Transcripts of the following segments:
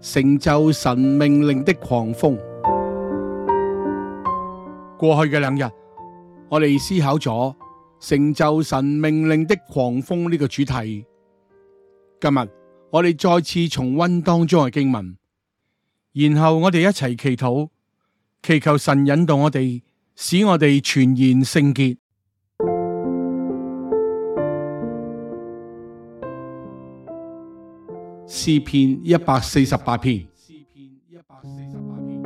成就神命令的狂風。過去嘅兩日，我哋思考咗成就神命令的狂風呢個主題。今日我哋再次重溫當中嘅經文，然後我哋一齊祈禱，祈求神引導我哋，使我哋全然聖潔。詩篇一百四十八篇。詩篇一百四十八篇。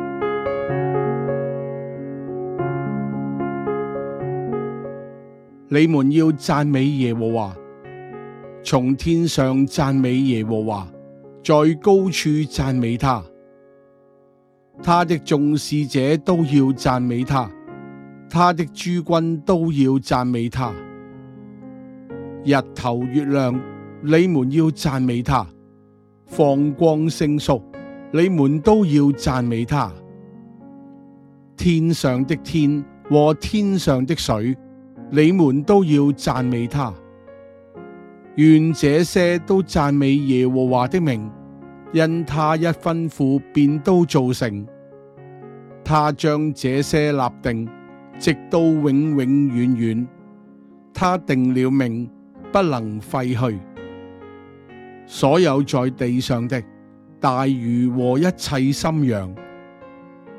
你們要讚美耶和華，從天上讚美耶和華，在高處讚美他。他的眾使者都要讚美他，他的諸軍都要讚美他。日頭、月亮，你們要讚美他。放光星宿，你們都要讚美他。天上的天和天上的水，你們都要讚美他。願這些都讚美耶和華的名，因他一吩咐便都造成。他將這些立定，直到永永遠遠。他定了命，不能廢去。所有在地上的大魚和一切深洋，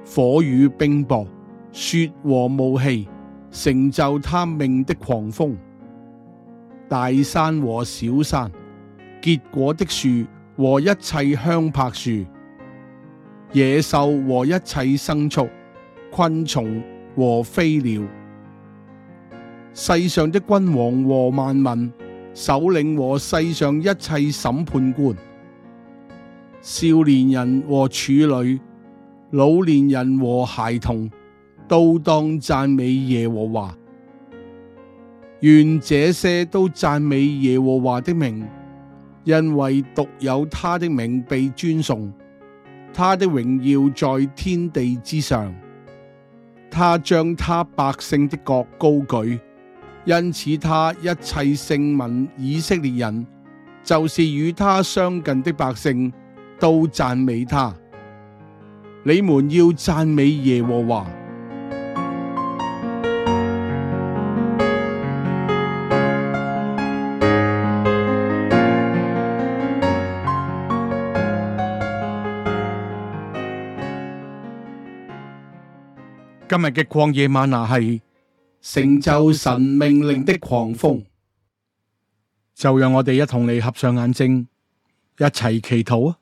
火與冰雹、雪和霧氣，成就他命的狂風、大山和小山，結果的樹和一切香柏樹、野獸和一切牲畜、昆蟲和飛鳥，世上的君王和萬民。首領和世上一切審判官，少年人和處女，老年人和孩童，都當讚美耶和華。願這些都讚美耶和華的名，因為獨有他的名被尊崇，他的榮耀在天地之上，他將他百姓的國高舉。因此，他一切聖民，以色列人，就是與他相近的百姓，都讚美他。你們要讚美耶和華。今日嘅曠野嗎哪係。成就神命令的狂風，就讓我哋一同嚟，合上眼睛，一齊祈禱啊！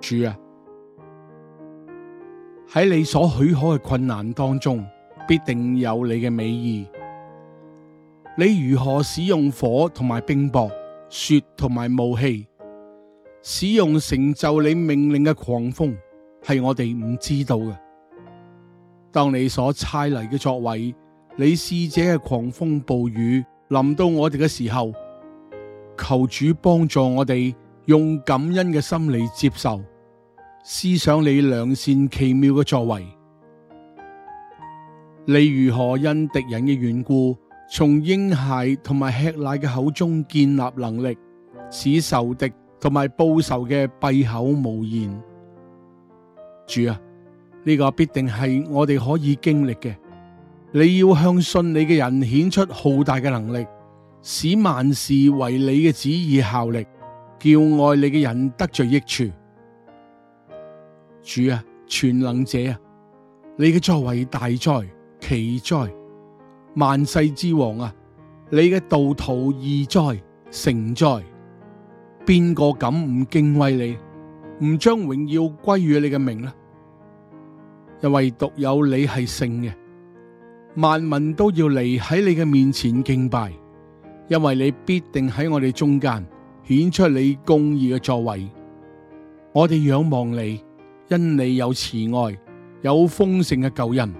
主啊！喺你所許可嘅困難當中，必定有你嘅美意。你如何使用火同埋冰雹、雪同埋霧氣，使用成就你命令嘅狂風，係我哋唔知道嘅。當你所差嚟嘅作為，你使者嘅狂風暴雨臨到我哋嘅時候，求主幫助我哋用感恩嘅心嚟接受。思想你良善奇妙嘅作為，你如何因敵人嘅緣故，從嬰孩同埋吃奶嘅口中建立能力，使仇敵同埋報仇嘅閉口無言。主啊，呢、這個必定係我哋可以經歷嘅。你要向信你嘅人顯出好大嘅能力，使萬事為你嘅旨意效力，叫愛你嘅人得着益處。主啊，全能者啊，你嘅作為大哉奇哉，萬世之王啊，你嘅道途義哉誠哉，邊個敢唔敬畏你，唔將榮耀歸於你嘅名呢？因為獨有你係聖嘅，萬民都要嚟喺你嘅面前敬拜，因為你必定喺我哋中間顯出你公義嘅作為，我哋仰望你。因你有慈愛、有豐盛嘅救恩。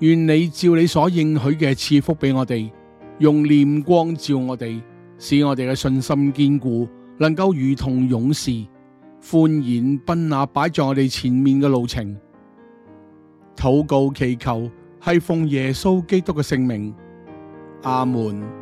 願你照你所應許嘅賜福俾我哋，用念光照我哋，使我哋嘅信心堅固，能夠如同勇士，歡然奔那擺在我哋前面嘅路程。禱告祈求，係奉耶穌基督嘅聖名。阿門。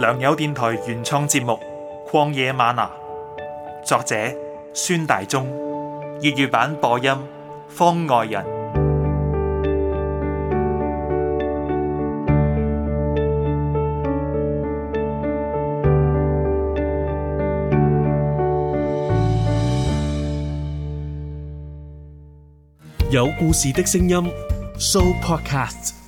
良友電台原創節目《曠野嗎哪》，作者：孫大中，粵語版播音：方外人。有故事的聲音，Show Podcast。